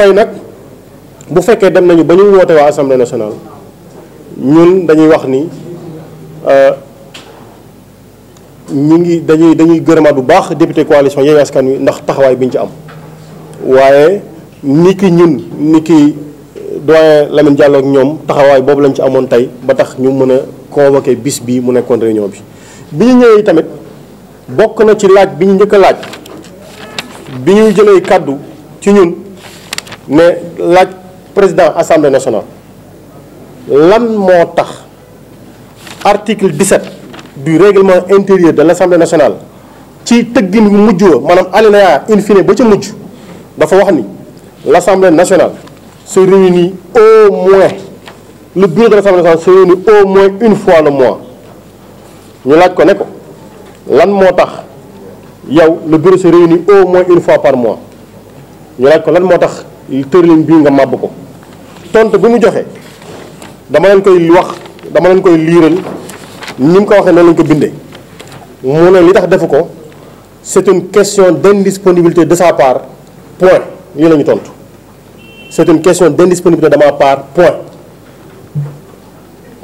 tey nag bu fekkee dem nañu ba ñu woote waa assemblée nationale ñun dañuy wax ni euh, ñu ngi dañuy dañuy gërëmaat bu baax député coalition Yewwi Askan Wi ndax taxawaay bi ñu ci am waaye ni ki ñun ni ki euh, doyen Lamine Diallo ñoom taxawaay boobu lañ ci amoon tey ba tax ñu mën a convoqué bis bi mu nekkoon réunion bi bi ñu ñëwee tamit bokk na ci laaj bi ñu njëkk a laaj bi ñuy jëlee kàddu ci ñun ne laaj président assemblée nationale lan moo tax article 17 du règlement intérieur de l' assemblée nationale ci tëggin wu mujj wa maanaam alinéa in fine ba ca mujj dafa wax ni l' assemblée nationale se réunit au moins le bureau de l' assemblée nationale se réunit au moins une fois le mois ñu laaj ko ne ko lan moo tax yow le bureau se réunit au moins une fois par mois ñu laaj ko lan moo tax tërlin bii nga màbb ko tontu bi mu joxe dama leen koy wax dama leen koy liiral ni mu ko waxee noonu lañ ko bindee mu ne li tax defu ko c'est une question d'indisponibilité de sa part point lii la ñu tontu c'est une question d'indisponibilité de ma part point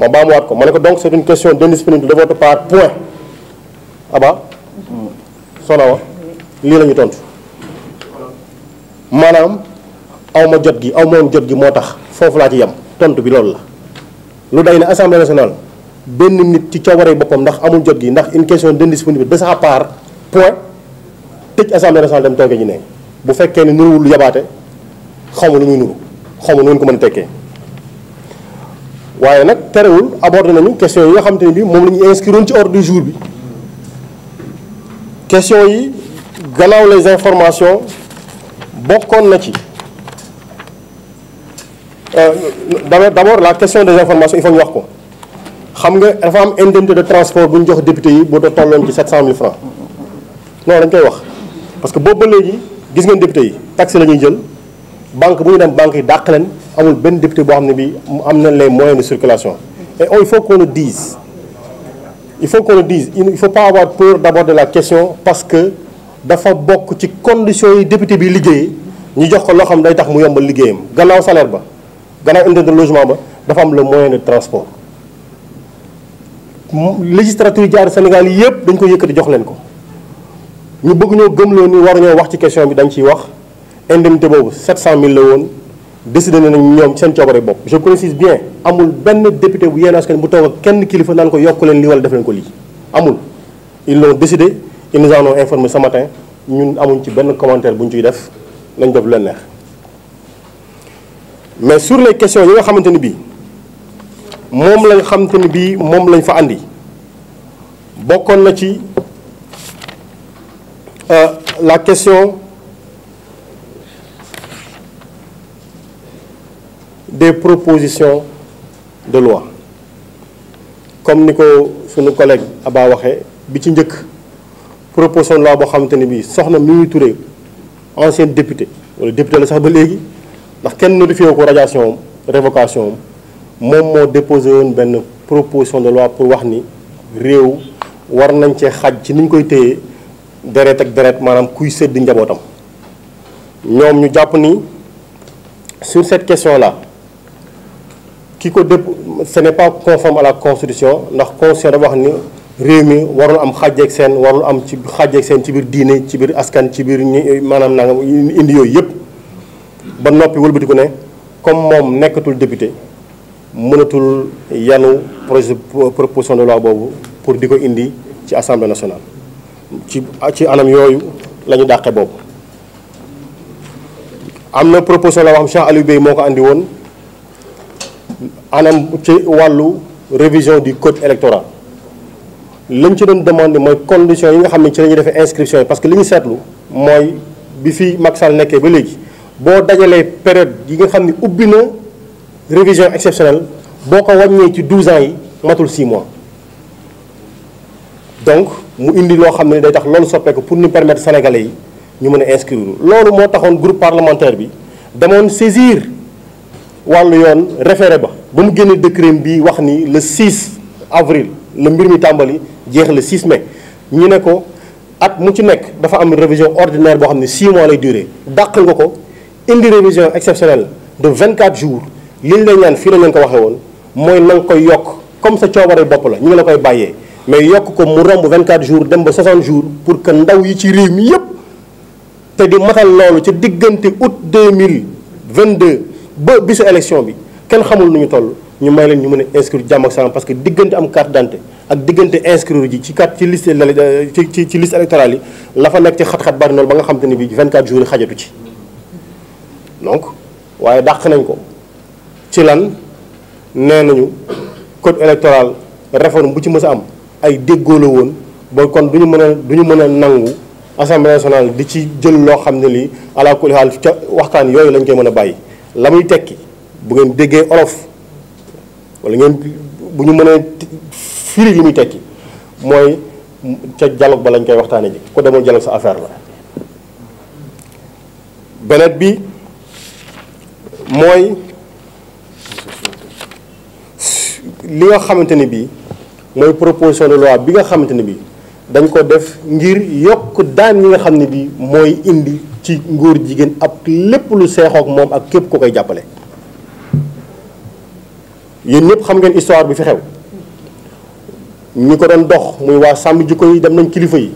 ma baamuwaat ko ma ne ko donc c'est une question d'indisponibilité de votre part point aba mm-hmm. sonawa lii la tontu maanaam aw ma jot gi aw ma jot gi moo tax foofu laa ci yem tontu bi loolu la. lu day ne assemblée nationale benn nit ci coobaree boppam ndax amul jot gi ndax une question d'indisponibilité de sa part point tëj assemblée nationale dem tooke ji ne bu fekkee ne nuruwul yabaate xaw ma lu muy nuru xaw ma ko mën tekkee. waaye nag terewul abordé nañu question yi nga xamante ne bii moom la ñu inscriroon ci ordre du jour bi question yi gannaaw les informations bokkoon na ci. Euh, d'abord la question des informations il faut ñu wax ko xam nga dafa am indente de transport bu ñu jox député yi bu tolloon ci 700000 francs non dañ koy wax parce que boobu ba léegi gis ngeen député yi taxe la ñuy jël banque bu ñu dem banque yi dàq leen amul benn député boo xam ne bi am na les moyens de circulation et oh, il faut qu'on le dise il faut qu'on le dise il faut pas avoir peur d'abord de la question parce que dafa bokk ci conditions yi député bi liggéey ñu jox ko loo xam day tax mu yombal liggéeyam gannaaw salaire ba gannaaw indil de logement ba dafa am le moyen de transport législature yi jaar Sénégal yi yëpp dañ ko yëkkati jox leen ko ñu bëgg ñoo gëmloo ni war ñoo wax ci question bi dañ ciy wax indemnité boobu mille la woon décidé nañ ñoom seen coobare bopp. je précise bien amul benn député bu Yewwi Askan bu toog ak kenn kilifa naan ko yokk leen lii wala def leen ko lii amul il l'ont décidé ils nous en ont informé ce matin ñun amul ci benn commentaire bu ciy def nañ def leen neex. mais sur les questions yi nga xamante ni bii moom lañ xamante ni bii moom lañ fa andi bokkoon na ci euh, la question des proposition de loi comme ni ko sunu collègue Aba waxee bi ci njëkk proposition de loi boo xamante ni bii soxna Mimi Touré ancienne députée wala député la sax ba léegi. ndax kenn notifié ko radiation révocation am moom moo déposé woon benn proposition de loi pour wax ni réew war nañ cee xaj ci ni ñu koy téye deret ak deret maanaam kuy sédd njabootam ñoom ñu jàpp ni sur cette question la ki ko dép ce n'est pas conforme à la constitution ndax constitution dafa wax ni réew mi war warul am xàjjeeg seen warul am ci xàjjeeg seen ci biir diine ci biir askan ci biir maanaam nangam indi yooyu yëpp. ba noppi wëlbatiku ne comme moom nekkatul député mënatul yanu projet proposition de boobu pour di ko indi ci assemblée nationale ci ci anam yooyu lañu ñu dàqe boobu am na proposition la boo xam Cheikh moo ko andi woon anam ci wàllu révision du code électoral lañ ci doon demande mooy conditions yi nga xam ne ci la ñuy defee inscription yi parce que li ñu seetlu mooy bi fi Macky Sall nekkee ba léegi boo dajalee période yi nga xam ne ubbi na révision exceptionnelle boo ko wàññee ci 12 ans yi matul 6 mois donc mu indi loo xam ne day tax loolu soppeeku pour ñu permettre sénégale yi ñu mën a inscrire loolu moo taxoon groupe parlementaire bi damoon saisir wàll yoon référé ba ba mu génne décret bi wax ni le 6 avril la mbir mi tàmbali jeex le six mai ñu ne ko at mu ci nekk dafa am révision ordinaire boo xam ne 6 mois lay duré dàq nga ko. indi révision exceptionnelle de 24 jours liñ lay ñaan fii la leen ko waxee woon mooy na koy yokk comme sa coobare bopp la ñu ngi la koy bàyyee mais yokk ko mu romb 24 jour dem ba 60 jours pour que ndaw yi ci réew mi yépp te di matal loolu ci diggante août deux ba bisu élection bi kenn xamul nu ñu toll ñu may leen ñu mën a inscrire jàmm ak salaam parce que diggante am carte d'identité ak diggante inscrire ji ci carte ci liste te ne bi 24 jours yi xajatu ci donc waaye dàq nañ ko ci lan nee nañu code électoral réforme bu ci mës a am ay déggoo la woon ba kon du ñu mën a du ñu mën a nangu assemblée nationale di ci jël loo xam ne lii ala xaal ca waxtaan yooyu lañ koy mën a bàyyi. la muy tekki bu ngeen déggee olof wala ngeen bu ñu mënee firi li muy tekki mooy ca dialogue ba lañ koy waxtaanee ji ku demoon dialogue sa affaire la beneen bi. mooy li nga xamante ne bii mooy proposition de loi bi nga xamante ne bii dañ ko def ngir yokk daan yi nga xam ne bii mooy indi ci ngóor jigéen ak lépp lu seexook moom ak képp ku koy jàppale yéen ñëpp xam ngeen histoire bi fi xew ñi ko doon dox muy waa sàmm jikko yi dem nañ kilifa yi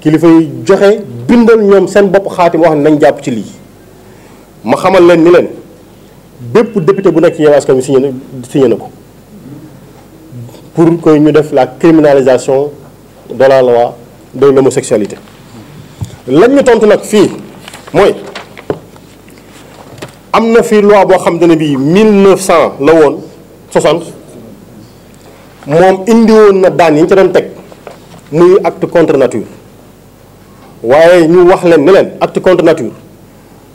kilifa yi joxe bindal ñoom seen bopp xaatim wax nañ jàpp ci lii ma xamal leen ni leen bépp député bu nekk Yewwi Askan Wi signé na signé ko pour ko ñu def la criminalisation de la loi de l'homosexualité lañ ñu tontu nag fii mooy am na fi loi boo xam ne bii 1900 la woon 60 moom indi woon na daan yi ñu ca doon teg muy acte contre nature waaye ñu wax leen ne leen acte contre nature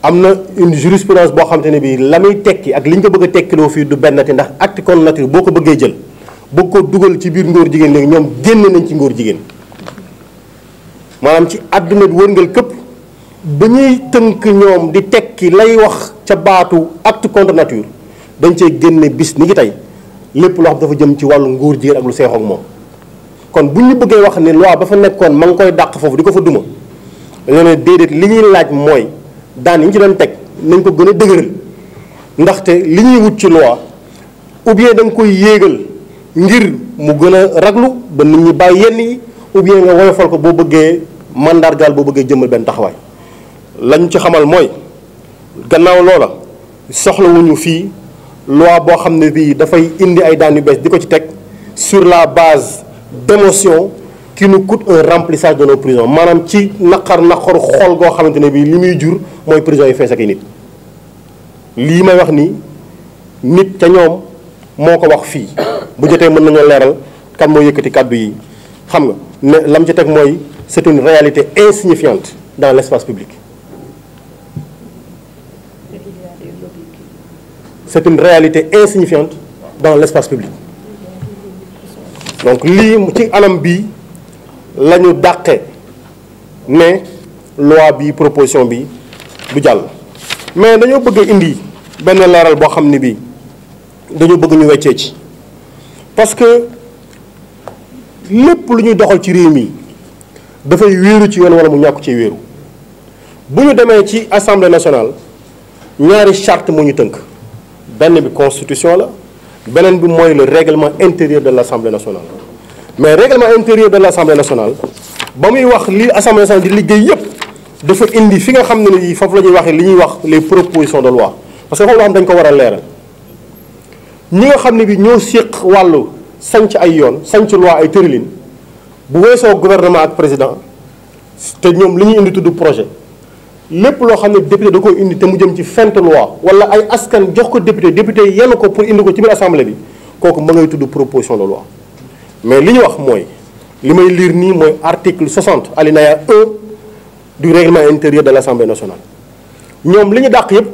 am na une jurisprudence boo xamante ne bii la muy tekki ak li ñu ko bëgg a tekkiloo fii du bennati ndax acte contre nature boo ko bëggee jël bëgg ko dugal ci biir ngóor jigéen léegi ñoom génn nañ ci ngóor jigéen maanaam ci àdduna bi wërngal képp ba ñuy tënk ñoom di tekki lay wax ca baatu acte contre nature dañ cee génne bis ni ngi tey lépp loo xam dafa jëm ci wàllu ngóor jigéen ak lu seexoo moom kon bu ñu bëggee wax ne loi ba fa nekkoon ma koy dàq foofu di ko fa duma dañoo ne déedéet li ñuy laaj mooy daan yi ñu ci doon teg nañ ko gën a dëgëral ndaxte li ñuy wut ci loi ou danga koy yéegal ngir mu gën a raglu ba nit ñi bàyyi yenn yi ou bien nga woyofal ko boo bëggee mandargaal boo bëggee jëmmal benn taxawaay lañ ci xamal mooy gannaaw loola soxlawuñu fii loi boo xam ne bii dafay indi ay daan bees di ko ci teg sur la base d'émotion qui nous coûte un remplissage de nos prisons maanaam ci naqar naqaru xol goo xamante ne bii li muy jur mooy prison yi fees ak nit lii may wax nii nit ca ñoom moo ko wax fii bu jotee mën nañoo leeral kan moo yëkkati kàddu yi xam nga lam ci teg mooy c'est une réalité insignifiante dans l'espace public c'est une réalité insignifiante dans l'espace public donc lii ci anam bii lañu ñu dàqe ne loi bi proposition bi du jàll mais dañoo bëgg indi benn laaral boo xam ne bi dañoo bëgg ñu weccee ci parce que lépp lu ñuy doxal ci réew mi dafay wéeru ci yoon wala mu ñàkk ci wéeru bu ñu demee ci assemblée nationale ñaari charte mu ñu tënk benn bi constitution la beneen bi mooy le réglement intérieur de l'assemblée nationale mais règlement intérieur de l' assemblée nationale ba muy wax li assemblée nationale di liggéey yépp dafa indi fi nga xam ne ni foofu la ñuy waxee li ñuy wax les propositions de loi parce que foofu loo xam dañ ko war a leeral ñi nga xam ne bi ñoo séq wàllu sanc ay yoon sanc loi ay tërëlin bu weesoo gouvernement ak président te ñoom li ñuy indi tudd projet lépp loo xam ne député da ko indi te mu jëm ci fent loi wala ay askan jox ko député député yenn ko pour indi ko ci biir assemblée bi kooku ma ngay tudd proposition de loi mais li ñu wax mooy li may liir nii mooy article 60 alinéa 1 du règlement intérieur de l'Assemblée nationale ñoom li ñu dàq yëpp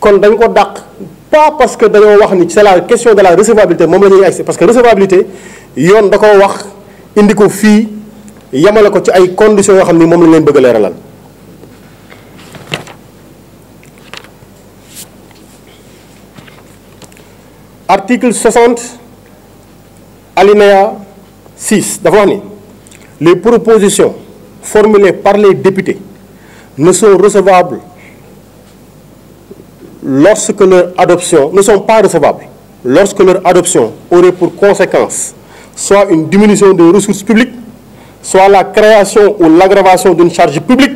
kon dañ ko dàq pas parce que dañoo wax ni ci la question de la recevabilité moom la ñuy agsi parce que recevabilité yoon da ko wax indi ko fii yemale ko ci ay conditions yoo xam ni moom la leen bëgg a leeralal alinéa 6 dafa wax ni les propositions formulées par les députés ne sont recevables lorsque leur adoption ne sont pas recevables lorsque leur adoption aurait pour conséquence soit une diminution des ressources publiques soit la création ou l'aggravation d'une charge publique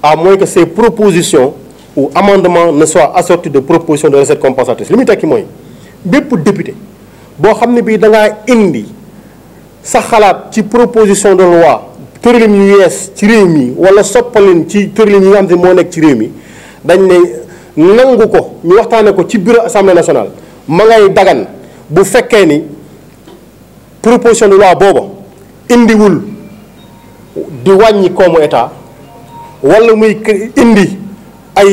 à moins que ces propositions ou amendements ne soient assortis de propositions de recettes compensatrices li muy tekki mooy bépp député boo xam ne bii da ngaa indi sa xalaat ci proposition de loi tërëlin yu yees ci réew mi wala soppalin ci tërëlin yi nga xam ne moo nekk ci réew mi dañ ne nangu ko ñu waxtaane ko ci bureau assemblée nationale ma ngay dagan bu fekkee ni proposition de loi booba indiwul di wàññi koomu état wala muy indi ay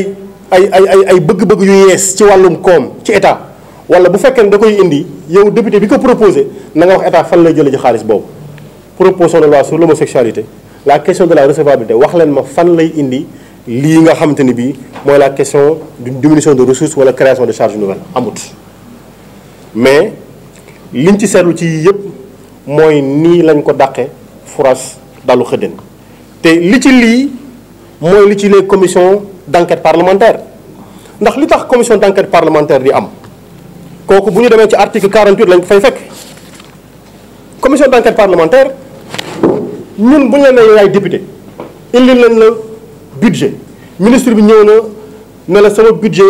ay ay bëgg-bëgg yu yees ci wàllum koom ci état wala bu fekkee ne da koy indi yow député bi ko proposé nanga wax état fan lay jëlee ci xaalis boobu proposition de loi sur l'homosexualité la question de la recevabilité wax leen ma fan lay indi lii nga xamante ni bii mooy la question d'une diminution de ressources wala création de charges nouvelles amut mais liñ ci seetlu ci yëpp mooy nii lañ ko dàqe foras dalu xëddén te li ci lii mooy li ci les commissions d'enquête parlementaire ndax li tax commission d'enquête parlementaire di am kooku bu ñu demee ci article 48 lañ ko fay fekk commission d'enquête parlementaire ñun bu ñu leen ne yaay député indi leen la budget ministre bi ñëw na ne la sama budget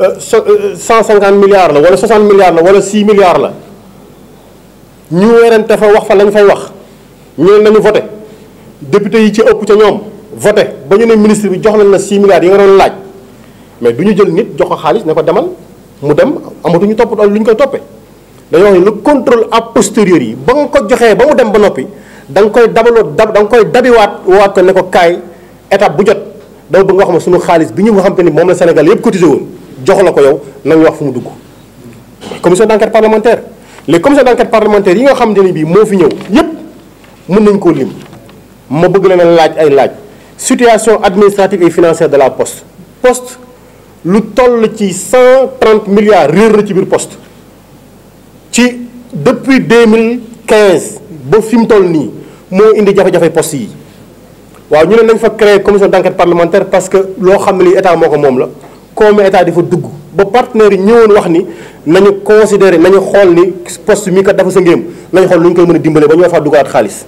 euh, euh, cent cinquante milliards la wala soixante milliards la wala six milliards la ñu werante fa wax fa lañ fay wax ñëw nañu voté député yi ci ëpp ca ñoom voté ba ñu ne ministre bi jox nañ la six milliards yi nga doon laaj mais du ñu jël nit jox ko xaalis ne ko demal. mu dem amatuñu toppatoo lu ñu koy toppee dañoo ne le contrôle a posteriori yi ba nga ko joxee ba mu dem ba noppi da koy dabaloo dab da nga koy dabiwaat waat ko ne ko kaay étape bu jot dama bëgg nga xam ne suñu xaalis bi ñu nga xam te ni moom la Sénégal yëpp cotisé woon jox la ko yow na wax fu mu dugg. commission d' enquête parlementaire les commissions d' enquête parlementaire yi nga xam ne bii moo fi ñëw yëpp mën nañ koo lim ma bëgg leen laaj ay laaj situation administrative et financière de la poste poste. lu toll ci cent trente milliards réer na ci biir post ci depuis deux mille quinze ba fi mu toll nii moo indi jafe-jafe poste yi waaw ñu ne nañ fa créer commission d'enquête parlementaire parce que loo xam ni lii état moo ko moom la comme di fa dugg ba partenaires yi ñëwoon wax ni nañu considérer nañu xool ni poste mii ko dafa sa ngéem nañu xool lu ñu koy mën a dimbale ba ñu war faa xaalis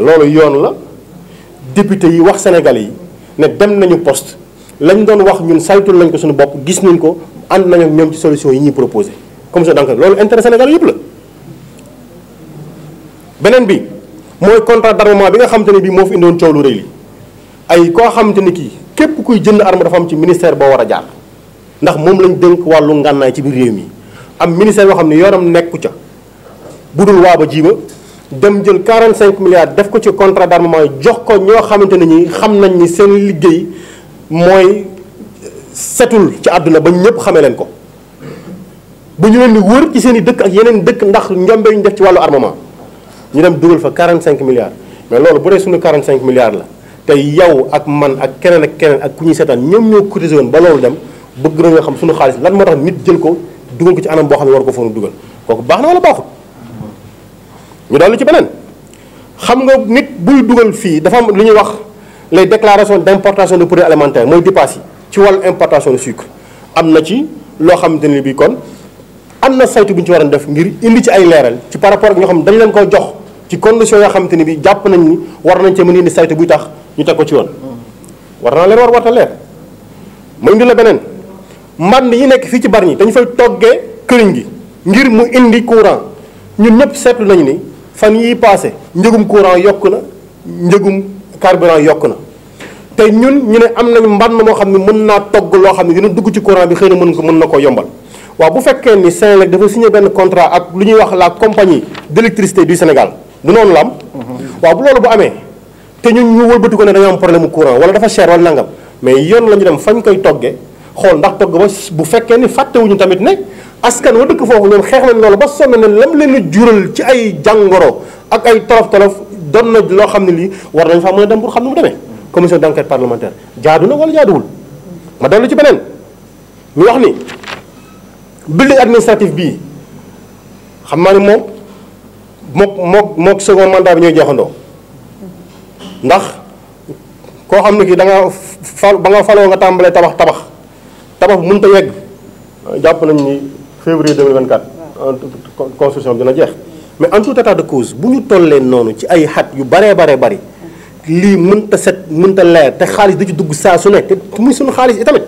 loolu yoon la député yi wax Sénégalais yi ne dem nañu post lañ doon wax ñun saytul nañ ko suñu bopp gis nañ ko ànd nañu ñoom ci solution yi ñuy proposé comme ça donc loolu intérêt Sénégal yëpp la. beneen bi mooy contrat d'armement bi nga xamante ne bii moo fi indoon coow lu rëy li ay koo xamante ni kii képp kuy jënd arme dafa am ci ministère boo war a jaar ndax moom lañ dënk wàllu ngànnaay ci biir réew mi am ministère yoo xam ne yoonam nekku ca budul waa ba jiiba dem jël 45 milliards def ko ci contrat d'armement jox ko ñoo xamante ne ñi xam nañ ni seen liggéey. mooy setul ci àdduna ba ñëpp xamee leen ko bu ñu leen di wër ci seen i dëkk ak yeneen dëkk ndax njombe yu ñu def ci wàllu armement ñu dem dugal fa 45 milliards mais loolu bu dee suñu 45 milliards la te yow ak man ak keneen ak keneen ak ku ñuy seetaan ñoom ñoo cotisé woon ba loolu dem bëgg nañoo xam suñu xaalis lan moo tax nit jël ko dugal ko ci anam boo xam ne war ko foonu dugal kooku baax na wala baaxut ñu dolli ci beneen xam nga nit buy dugal fii dafa am lu ñuy wax. les déclarations d' importation de produits alimentaires mooy dépasse yi ci wàllu importation de sucre am na ci loo xamante ne bii kon am na saytu bu ñu ci war def ngir indi ci ay leeral ci par rapport ak ñoo xam ne dañ leen ko jox ci condition yoo xam xamante ni bii jàpp nañ ni war nañ cee mën indi saytu buy tax ñu teg ko ci yoon. war naa leer war warta leer ma indi la beneen mbànd yi nekk fii ci Bargny dañu fay toggee këriñ gi ngir mu indi courant ñun ñëpp seetlu nañu ni fan yii paase njëgum courant yokk na njëgum carburant yokk na. te ñun ñu ne am nañu mbànn moo xam ne mën naa togg loo xam ne dina dugg ci courant bi xëy na mën ko mën na ko yombal waaw bu fekkee ni Senelec dafa signé benn contrat ak lu ñuy wax la compagnie d'électricité du Sénégal du noonu la am. waaw bu loolu bu amee te ñun ñu wëlbati ko ne dañoo am problème mu courant wala dafa cher wala nangam mais yoon la ñu dem fañ koy toggee xool ndax togg ba bu fekkee ni fàttewuñu tamit ne askan wa dëkk foofu ñoom xeex nañ loolu ba sonn ne lam leen a jural ci ay jàngoro ak ay tolof tolof doon na loo xam ne lii war nañ faa mën a dem pour xam mu demee. commission d' enquête parlementaire jaadu na wala jaaduwul ma dellu ci beneen ñu wax ni building administratif bii xam naa ne moom mook mook mook second mandat bi ñooy jeexandoo ndax koo xam ne kii da nga fal ba nga faloo nga tàmbalee tabax tabax tabax bu mënut yegg jàpp nañ ni février 2024 construction bi dina jeex mais en tout état de cause bu ñu tollee noonu ci ay xat yu baree baree bari lii mënta set mënta leer te xaalis di ci dugg saa su nekk te mu suñu xaalis itamit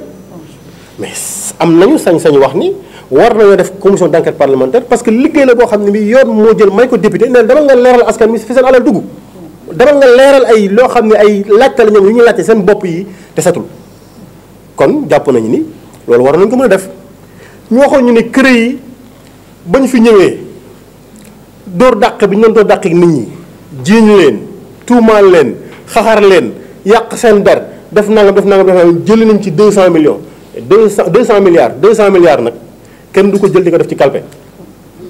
mais am na nañu sañ-sañ wax ni war nañoo def commission d'enquête parlementaire parce que liggéey la boo xam ne bii yoon moo jël may ko député ne demal nga leeral askan mi fi seen alal dugg demal nga leeral ay loo xam ne ay laajte la ñoom yu ñu laajte seen bopp yi te setul kon jàpp nañu ni loolu war nañ ko mën a def ñu waxoon ñu ne kër yi ba ñu fi ñëwee dóor dàq bi ñu doon dóor dàq nit ñi jiiñ leen tuumaal leen xaxar leen yàq seen dar def nangam def nangam def nangam jëli nañ ci 200 millions 200 200 milliards 200 milliards nag kenn du ko jël di ko def ci kalpe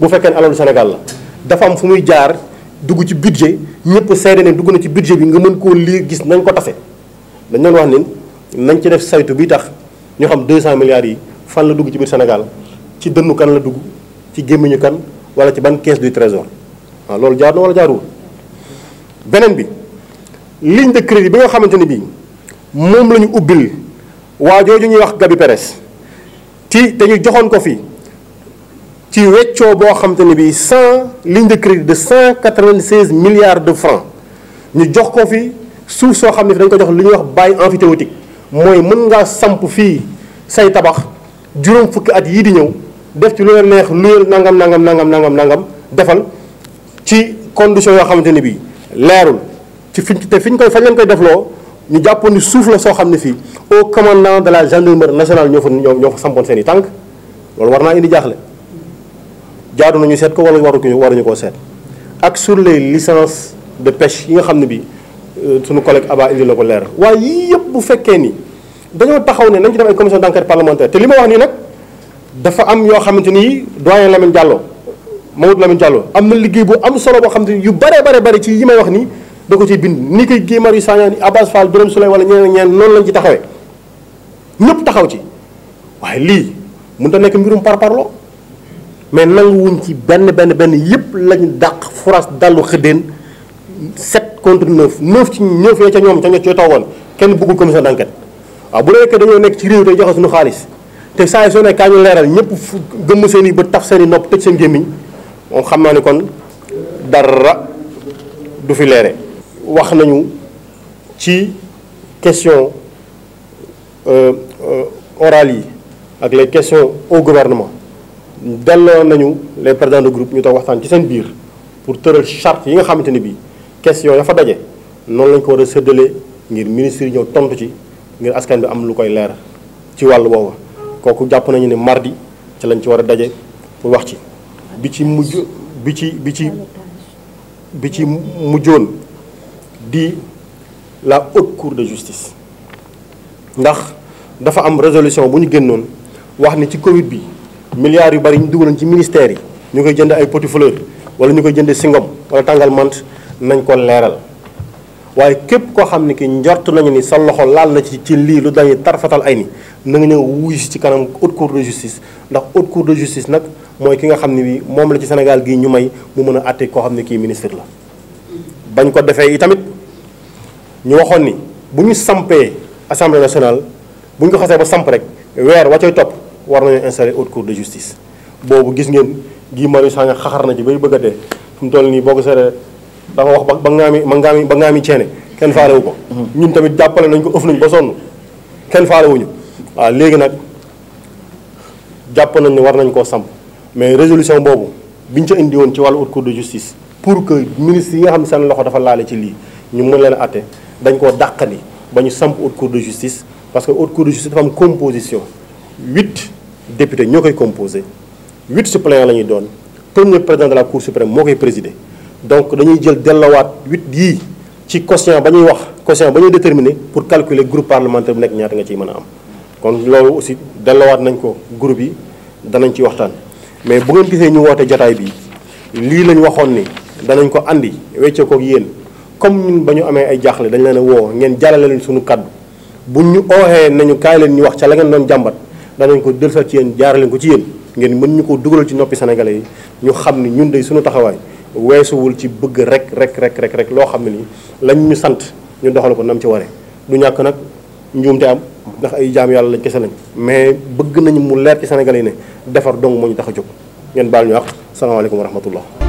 bu fekkee ne alalu Sénégal la dafa am fu muy jaar dugg ci budget ñëpp seede ne dugg na ci budget bi nga mën koo lii gis nañ ko tase dañ doon wax ni nañ ci def saytu bi tax ñu xam 200 milliards yi fan la dugg ci biir senegal ci dënnu kan la dugg ci gémmiñu kan wala ci ban caisse du trésor waaw loolu wala jaaruwul beneen bi ligne de crédit bi nga xamante ni bii moom lañu ñu ubbil waa jooju ñuy wax Gabi Perez ci dañu joxoon ko fi ci weccoo boo xamante ni bii cent ligne de crédit de cent quatre-vingt-seize milliards de francs ñu jox ko fi suuf soo xam ne dañ ko jox li ñuy wax bail emphytéotique mooy mën ngaa samp fii say tabax juróom fukki at yii di ñëw def ci lu la neex luyal nangam nangam nangam nangam nangam defal ci condition yoo xamante ni bii leerul. ci fi te fi ñu koy fañ leen koy loo ñu jàppoon ni suuf la soo xam ne fii au commandant de la gendarmerie nationale ñoo fa ñoo fa sampoon seen i tànk loolu war naa indi jaaxle na ñu seet ko wala waruñu ñu ko seet ak sur les licences de pêche yi nga xam ne bi euh, sunu collègue Aba indi la ko leer waaye yii yëpp bu fekkee ni dañoo taxaw ne nañ ci def ay commission d'enquête parlementaire te li ma wax nii nag dafa am yoo xamante ni doyen Lamine Diallo Mamadou Lamine Diallo am na liggéey bu am solo boo xam ne yu bare bare bare ci yi may wax nii. da ko ciy bind ni koy Guy Marius Sagna Abass Fall Birame Souleye wala ñeneen ñeneen noonu lañ ci taxawee ñëpp taxaw ci waaye lii mënut a nekk mbirum par parparloo mais nanguwuñ ci benn benn benn yëpp lañ dàq France dallu xëddeen set contre 9 9 ci ñëw fee ca ñoom ca ñoo ca toogoon kenn bëggul commission d'enquête waaw bu nekkee dañoo nekk ci réew day joxe suñu xaalis te saa yi soo nekk kaa ñu leeral ñëpp gëmm seen i ba taf seen nopp tëj seen gémmiñ moom xam naa ne kon dara du fi leere wax nañu ci question euh, euh, orales yi ak les questions au gouvernement delloo nañu les présidents de groupe ñu toog waxtaan ci seen biir pour tëral charte yi nga xamante ni bii kestion ya fa daje noonu lañ ko war a séddalee ngir ministre yi ñëw tontu ci ngir askan bi am lu koy leer ci wàllu woowa kooku jàpp nañu ne mardi ci lañ ci war a daje pour wax ci bi ci mujj bi ci bi ci bi ci mujjoon di la haute cour de justice ndax dafa am résolution bu ñu génnoon wax ni ci Covid bi milliards yu bari ñu dugaloon ci ministères yi ñu koy jënd ay poti fleur wala ñu koy jënd singom wala tàngal mant nañ ko leeral waaye képp koo xam ne ki njort nañu ni sa loxo laal na ci ci lii lu dañuy tarfatal ay ni na nga ñëw wuyu ci kanam haute cour de justice ndax haute cour de justice nag mooy ki nga xam ne bi moom la ci Sénégal gii ñu may mu mën a àtte koo xam ne kii ministre la bañ ko defee yi tamit ñu waxoon ni bu ñu sampee assemblée nationale bu ñu ko xasee ba samp rek weer wa cay topp war nañu installer haute cour de justice boobu gis ngeen Guy Marius Sagna xaxar na ci bay bëgg a dee fu mu toll nii boo ko seetee da wax ba ba ngaa mi ba ngaa mi ba ngaa mi ceene kenn faalewu ko mm-hmm. ñun tamit jàppale nañ ko ëf nañ ba sonn kenn faalewuñu waa léegi nag jàpp nañ ne war nañ koo samp mais résolution boobu ñu ca indi woon ci wàllu haute cour de pour que ministre yi nga xam ne seen loxo dafa laale ci lii ñu mën leen atte dañ koo dàqali ba ñu samp haute cour de justice parce que haute cour de justice dafa am composition huit députés ñoo koy composé huit suppléants la ñuy doon premier président de la cour suprême moo koy présider donc dañuy jël dellowaat huit yii ci quotient ba ñuy wax quotient ba ñuy déterminer pour calculer groupe parlementaire bu nekk ñaata nga ciy mën a am kon loolu aussi dellowaat nañ ko groupe yi danañ ci waxtaan mais bu ngeen gisee ñu woote jataay bi lii lañ waxoon ni danañ ko andi wecce ko yéen comme ñu ba ñu amee ay jaaxle dañ leen a woo ngeen jàllale leen suñu kaddu bu ñu ooxee nañu kaay leen ñu wax ca la ngeen doon jàmbat danañ ko dël sa ci yéen jaarale ko ci yéen ngeen mën ñu ko dugalal ci noppi sénégalais yi ñu xam ni ñun de suñu taxawaay weesuwul ci bëgg rek rek rek rek rek loo xam ne ni lañ ñu sant ñu doxal ko nam ci waree du ñàkk nag njuumte am ndax ay jaam yàlla lañ kese lañ mais bëgg nañu mu leer ci sénégalais ne defar dong moo tax a jóg ngeen baal ñu wax salaamaaleykum wa